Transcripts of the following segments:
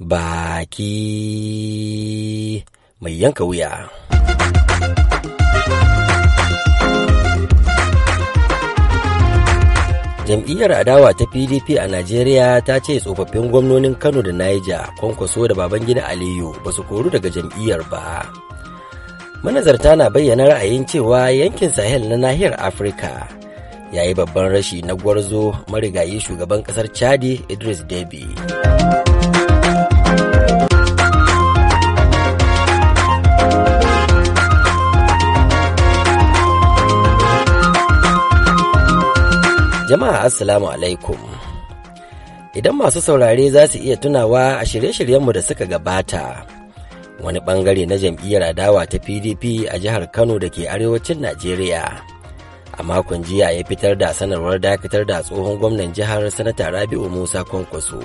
baki mai yanka wuya. jam'iyyar adawa ta pdp a najeriya ta ce tsofaffin gwamnonin kano da Niger, kwankwaso da babangida aliyu ba su koru daga jam'iyyar ba manazarta na bayyana ra'ayin cewa yankin sahel na nahiyar afirka ya yi babban rashi na gwarzo marigayi shugaban kasar chadi idris debi. Jama'a Assalamu alaikum. Idan masu saurare za su iya tunawa a shirye-shiryenmu da suka gabata, wani bangare na jam'iyyar adawa ta PDP a jihar Kano da ke arewacin Najeriya. A makon jiya ya fitar da sanarwar dakatar da tsohon gwamnan jihar Sanata Rabi'u Musa Kwankwaso.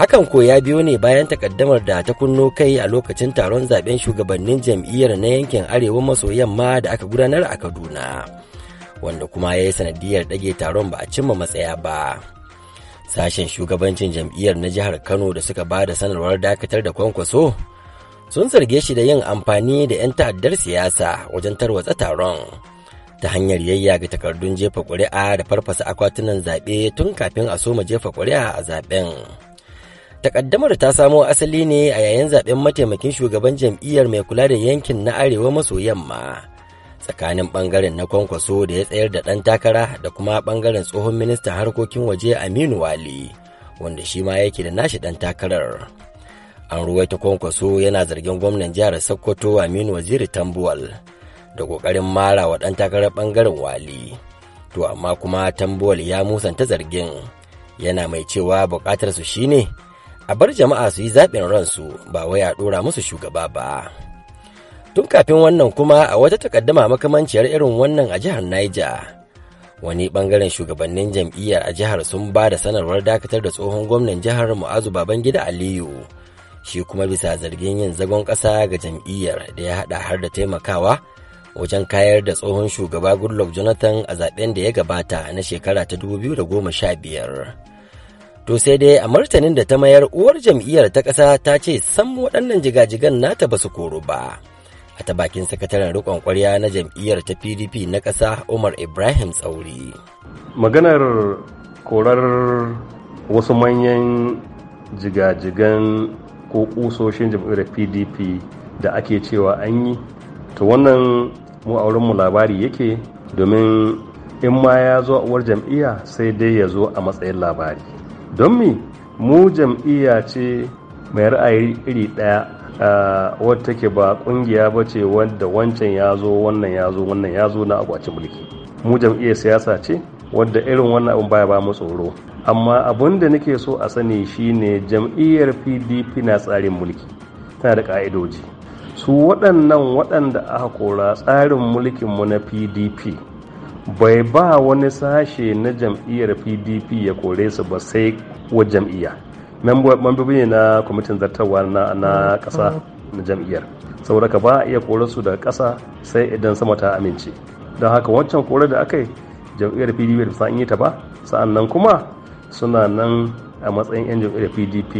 Hakan ko ya biyo ne bayan takaddamar da ta kunno kai a lokacin taron zaben shugabannin jam'iyyar na yankin arewa maso yamma da aka gudanar a Kaduna. wanda kuma ya yi sanadiyar ɗage taron ba a cimma matsaya ba sashen shugabancin jam'iyyar na jihar kano da suka ba da sanarwar dakatar da kwankwaso sun zarge shi da yin amfani da 'yan ta'addar siyasa wajen tarwatsa taron ta hanyar yayyaga takardun jefa ƙuri'a da farfasa akwatunan zaɓe tun kafin a soma jefa ƙuri'a a zaɓen takaddamar ta samo asali ne a yayin zaɓen mataimakin shugaban jam'iyyar mai kula da yankin na arewa maso yamma tsakanin bangaren na kwankwaso da ya tsayar da ɗan takara da kuma bangaren tsohon ministan harkokin waje aminu wali wanda shi ma yake da nashi ɗan takarar an ruwaita kwankwaso yana zargin gwamnan jihar sokoto aminu waziri tambuwal da ƙoƙarin mara wa ɗan takarar bangaren wali to amma kuma tambuwal ya musanta zargin yana mai cewa buƙatarsu shine a bar jama'a su yi zaɓin ransu ba wai a ɗora musu shugaba ba. Tun kafin wannan kuma a wata takaddama makamanciyar irin wannan a jihar Niger. Wani bangaren shugabannin jam'iyyar a jihar sun ba da sanarwar dakatar da tsohon gwamnan jihar Mu'azu Babangida Aliyu. Shi kuma bisa zargin yin zagon ƙasa ga jam'iyyar da ya haɗa har da taimakawa wajen kayar da tsohon shugaba Goodluck Jonathan a zaben da ya gabata na shekara ta 2015. To sai dai a martanin da ta mayar uwar jam'iyyar ta ƙasa ta ce san waɗannan jigajigan nata ba su koro ba. a ta bakin sakataren rikon ƙwarya na jam'iyyar ta pdp na ƙasa umar ibrahim tsauri maganar korar wasu manyan jigajigan ko ƙusoshin jam'iyyar pdp da ake cewa an yi to wannan mu a wurinmu labari yake domin in ma ya zo a uwar jam'iyya sai dai ya zo a matsayin labari don mi mu jam'iyya ce mai ra'ayi iri ɗaya Eh, wadda take ba kungiya ba ce wadda wancan ya zo wannan ya zo wannan ya zo na akwacin mulki mu jam'iyyar siyasa ce wadda irin wannan abin baya ba mu tsoro amma abin da nake so a sani shine jam'iyyar pdp na tsarin mulki tana da ka'idoji su waɗannan waɗanda aka kora tsarin mulkin mu na pdp bai ba wani sashe na jam'iyyar pdp ya kore su ba sai wa jam'iyya membobi ne na kwamitin zartarwa na ƙasa mm-hmm. na jam'iyyar saboda ka ba a iya kore su daga ƙasa sai idan sama ta amince don haka wancan kore da aka yi jam'iyyar pdp da sa'an yi ta ba sa'an nan kuma suna nan a matsayin 'yan jam'iyyar pdp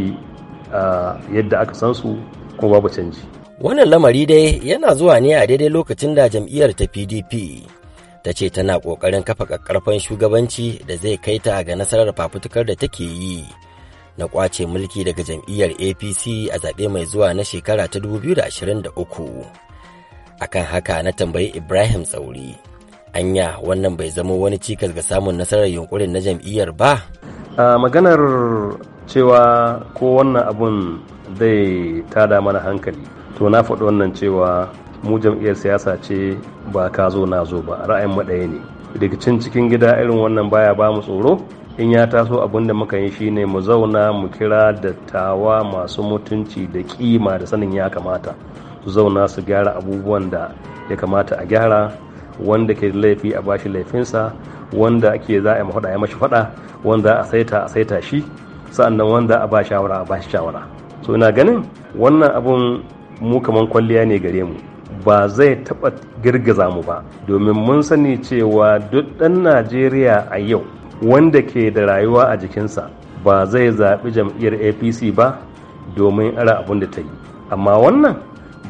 yadda aka san su kuma babu canji wannan lamari dai yana zuwa ne a daidai lokacin da jam'iyyar ta pdp ta ce tana ƙoƙarin kafa ƙaƙƙarfan shugabanci da zai kai ta ga nasarar fafutukar da take yi na kwace mulki daga jam'iyyar apc a zaɓe mai zuwa na shekara ta 2023 akan haka na tambayi ibrahim tsauri anya wannan bai zama wani cikas ga samun nasarar yunkurin na jam'iyyar ba maganar cewa ko wannan abun zai tada mana hankali to na faɗi wannan cewa mu jam'iyyar siyasa ce ba ka zo na zo ba ra'ayin maɗaya ne rikicin cikin gida irin wannan baya ba mu tsoro in ya taso abin da muka yi shine mu zauna mu kira dattawa masu mutunci da kima da sanin ya kamata su zauna su gyara abubuwan da ya kamata a gyara wanda ke laifi a bashi laifinsa wanda ake za a yi faɗa ya mashi faɗa wanda a saita a saita shi sa'annan wanda a ba shawara a ba shi shawara so ina ganin wannan abun mu kamar kwalliya ne gare mu ba zai taɓa girgiza mu ba domin mun sani cewa duk ɗan najeriya a yau wanda ke da rayuwa a jikinsa ba zai zaɓi jam'iyyar apc ba domin ara abin da ta yi amma wannan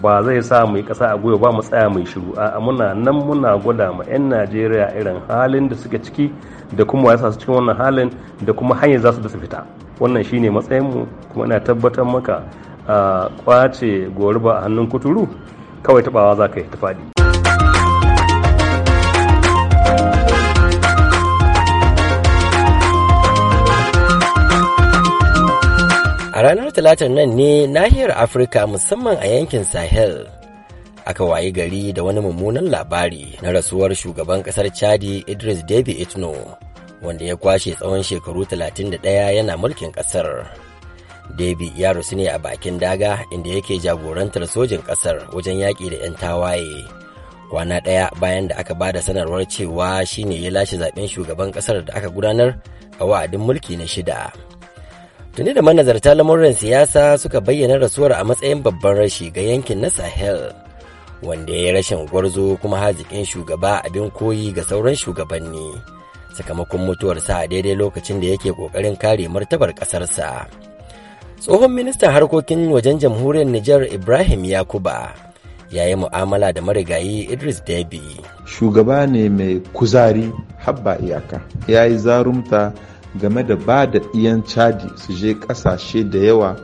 ba zai sa mai ƙasa a gwiwa ba mu tsaya mai shiru a muna nan muna gwada ma 'yan najeriya irin halin da suke ciki da kuma ya sa su cikin wannan halin da kuma hanyar za su da su fita wannan shine matsayinmu kuma ina tabbatar maka a kwace goruba a hannun kuturu kawai taɓawa za ka yi ta faɗi a ranar talatar nan ne nahiyar afirka musamman a yankin sahel aka wayi gari da wani mummunan labari na rasuwar shugaban kasar chadi idris debi itno wanda ya kwashe tsawon shekaru 31 yana mulkin kasar debi ya rasu ne a bakin daga inda yake jagorantar sojin kasar wajen yaƙi da 'yan tawaye kwana ɗaya bayan da aka ba da sanarwar cewa shine ya lashe zaben shugaban kasar da aka gudanar a wa'adin mulki na shida tuni da manazarta lamuran siyasa suka bayyana rasuwar a matsayin babban rashi ga yankin na sahel wanda ya yi rashin gwarzo kuma haziƙin shugaba abin koyi ga sauran shugabanni sakamakon mutuwarsa a daidai lokacin da yake ƙoƙarin kare martabar ƙasarsa tsohon ministan harkokin wajen jamhuriyar nijar ibrahim yakuba ya yi mu'amala da marigayi idris debi shugaba ne mai kuzari habba iyaka ya yi zarumta game da ba da iyan cadi su je ƙasashe da yawa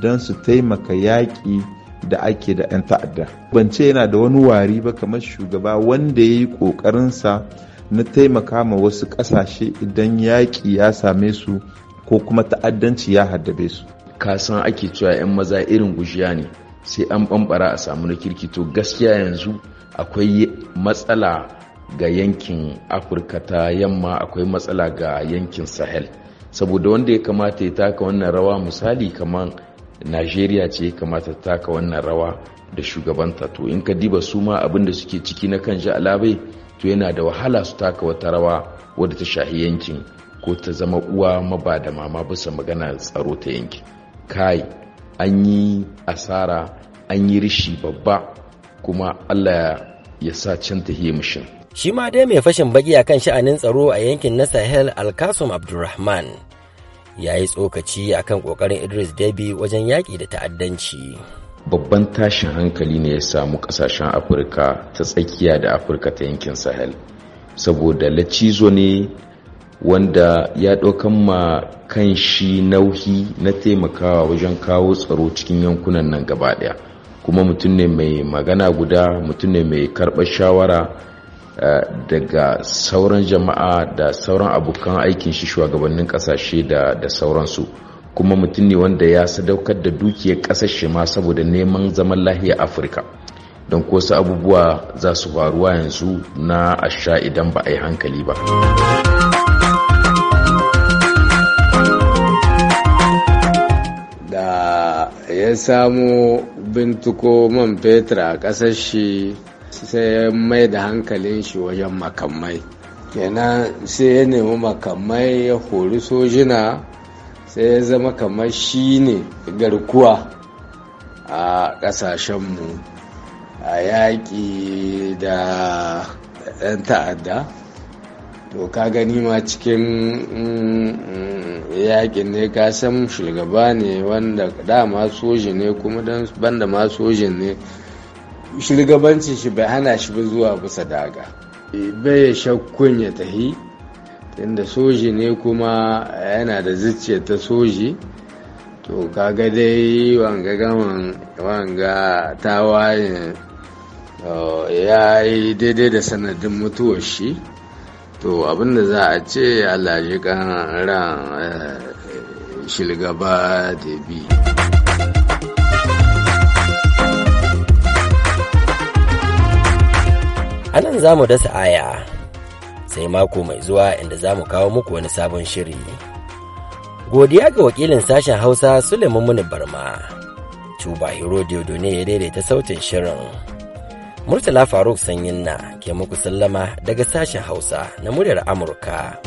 don su taimaka yaƙi da ake da 'yan ta'adda. Bance yana da wani wari ba kamar shugaba wanda ya yi ƙoƙarinsa na taimaka ma wasu ƙasashe idan yaƙi ya same su ko kuma ta'addanci ya haddabe su. Ka san ake cewa 'yan maza irin gujiya ne sai an bambara a samu na kirki to gaskiya yanzu akwai matsala ga yankin afirka ta yamma akwai matsala ga yankin sahel saboda wanda ya kamata ya taka wannan rawa misali kamar najeriya ce ya kamata ta taka wannan rawa da shugabanta to in ka diba su ma abin da suke ciki na kan ji alabai to yana da wahala su taka wata rawa wadda ta shahi yankin ko ta zama uwa maba da mama bisa magana tsaro ta yankin kai an yi asara an yi rishi babba kuma allah ya sa can ta mishin shi ma dai mai fashin baki a kan sha'anin tsaro a yankin na sahel alkasum abdulrahman ya yi tsokaci a kan ƙoƙarin idris debi wajen yaƙi da ta'addanci babban tashin hankali ne ya samu ƙasashen afirka ta tsakiya da afirka ta yankin sahel saboda lacizo ne wanda ya ɗaukan ma kan shi nauhi na taimakawa wajen kawo tsaro cikin yankunan nan gaba ɗaya kuma mutum ne mai magana guda mutum ne mai karɓar shawara Eh, daga sauran jama'a da sauran abokan aikin shi shugabannin kasashe da sauransu kuma mutum ne wanda ya sadaukar da dukiyar kasar shi ma saboda neman zaman lahiyar afirka don ko wasu abubuwa za su faruwa yanzu na asha idan ba a yi hankali ba da ya samu bintuko man fetur a ƙasar shi sai ya mai da hankalin shi wajen makamai kenan sai ya nemi makamai ya hori sojina sai ya zama kamar shi ne garkuwa a ƙasashenmu a yaƙi da 'yan ta'adda to ka gani ma cikin mm, yaƙin ne ka san shugaba ne wanda dama soji ne kuma banda ma sojin ne shirgabancin shi bai hana shi ba zuwa bisa daga eh, bai ya shakkun ya tahi tunda soji ne kuma yana da zuciya ta soji to kaga dai wanga gaman wanga tawayen eh, ya yi daidai da sanadin mutuwar shi to abinda za a ce alhaji ji kan ran eh, shilgaba da biyu A nan za mu dasa aya sai mako mai zuwa inda za mu kawo muku wani sabon shiri. Godiya ga wakilin sashen Hausa Suleiman Muni Barma, Tuba Hero ne ya daidaita sautin shirin. Murtala Faruk Sanyin na ke muku sallama daga sashen Hausa na muryar Amurka.